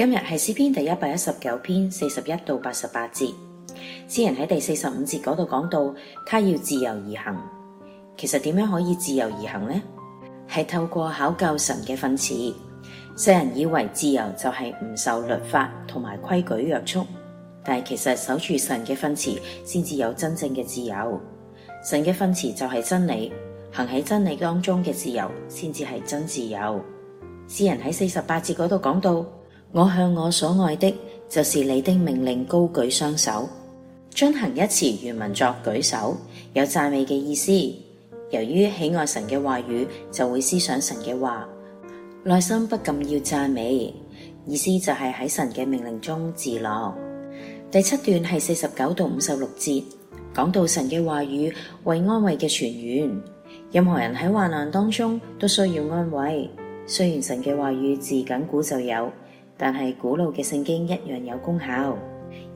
今日係詩篇第一百一十九篇四十一到八十八節，詩人喺第四十五節嗰度講到，他要自由而行。其實點樣可以自由而行呢？係透過考究神嘅訓詞。世人以為自由就係唔受律法同埋規矩約束，但係其實守住神嘅訓詞，先至有真正嘅自由。神嘅訓詞就係真理，行喺真理當中嘅自由，先至係真自由。詩人喺四十八節嗰度講到。我向我所愛的，就是你的命令，高舉雙手，遵行一詞原文作舉手，有讚美嘅意思。由於喜愛神嘅話語，就會思想神嘅話，內心不禁要讚美。意思就係喺神嘅命令中自樂。第七段係四十九到五十六節，講到神嘅話語為安慰嘅泉源，任何人喺患難當中都需要安慰。雖然神嘅話語自亙古就有。但係古老嘅聖經一樣有功效。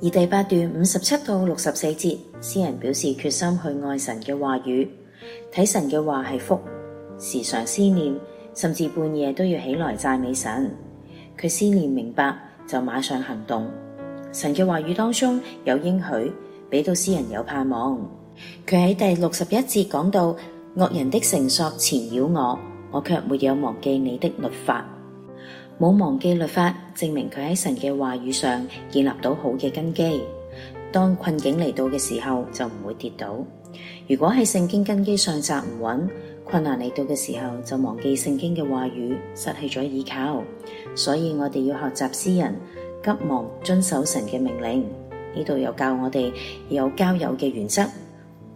而第八段五十七到六十四節，詩人表示決心去愛神嘅話語。睇神嘅話係福，時常思念，甚至半夜都要起來讚美神。佢思念明白就馬上行動。神嘅話語當中有應許，俾到詩人有盼望。佢喺第六十一節講到惡人的繩索纏繞我，我卻沒有忘記你的律法。冇忘記律法，證明佢喺神嘅話語上建立到好嘅根基。當困境嚟到嘅時候，就唔會跌倒。如果喺聖經根基上站唔穩，困難嚟到嘅時候就忘記聖經嘅話語，失去咗依靠。所以我哋要學習詩人，急忙遵守神嘅命令。呢度又教我哋有交友嘅原則，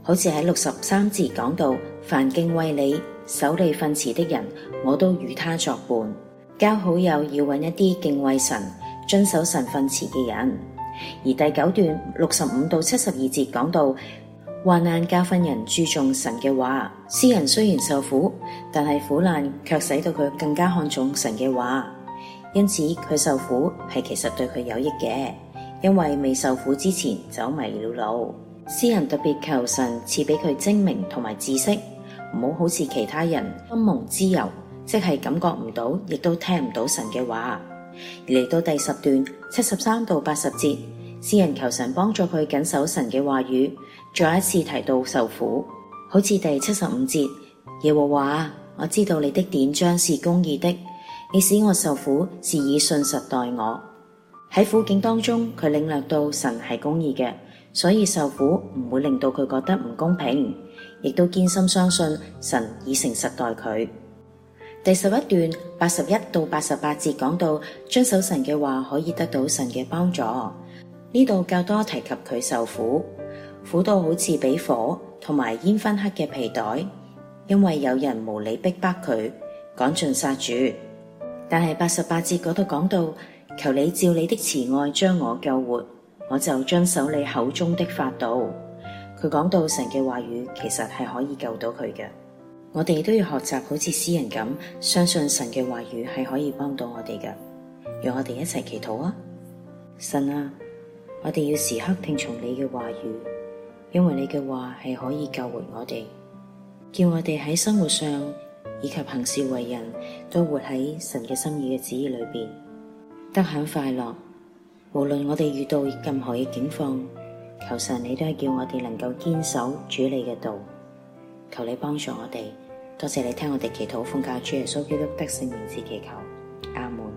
好似喺六十三字講到，凡敬畏你、守你訓詞的人，我都與他作伴。交好友要揾一啲敬畏神、遵守神訓詞嘅人。而第九段六十五到七十二節講到，患難教訓人注重神嘅話。詩人雖然受苦，但係苦難卻使到佢更加看重神嘅話。因此佢受苦係其實對佢有益嘅，因為未受苦之前走迷了路。詩人特別求神賜俾佢精明同埋知識，唔好好似其他人心蒙脂油。即係感覺唔到，亦都聽唔到神嘅話。而嚟到第十段七十三到八十節，詩人求神幫助佢緊守神嘅話語。再一次提到受苦，好似第七十五節，耶和華啊，我知道你的典章是公義的，你使我受苦是以信實待我。喺苦境當中，佢領略到神係公義嘅，所以受苦唔會令到佢覺得唔公平，亦都堅心相信神以誠實待佢。第十一段八十一到八十八節，講到遵守神嘅話可以得到神嘅幫助，呢度較多提及佢受苦，苦到好似畀火同埋煙熏黑嘅皮袋，因為有人無理逼迫佢，趕盡殺絕。但係八十八節嗰度講到，求你照你的慈愛將我救活，我就遵守你口中的法度。佢講到神嘅話語其實係可以救到佢嘅。我哋都要學習好似詩人咁，相信神嘅話語係可以幫到我哋嘅。讓我哋一齊祈禱啊！神啊，我哋要時刻聽從你嘅話語，因為你嘅話係可以救回我哋。叫我哋喺生活上以及行事為人，都活喺神嘅心意嘅旨意裏邊，得享快樂。無論我哋遇到任何嘅境況，求神你都係叫我哋能夠堅守主你嘅道。求你幫助我哋，多謝你聽我哋祈禱，奉教主耶穌基督的聖名字祈求，阿門。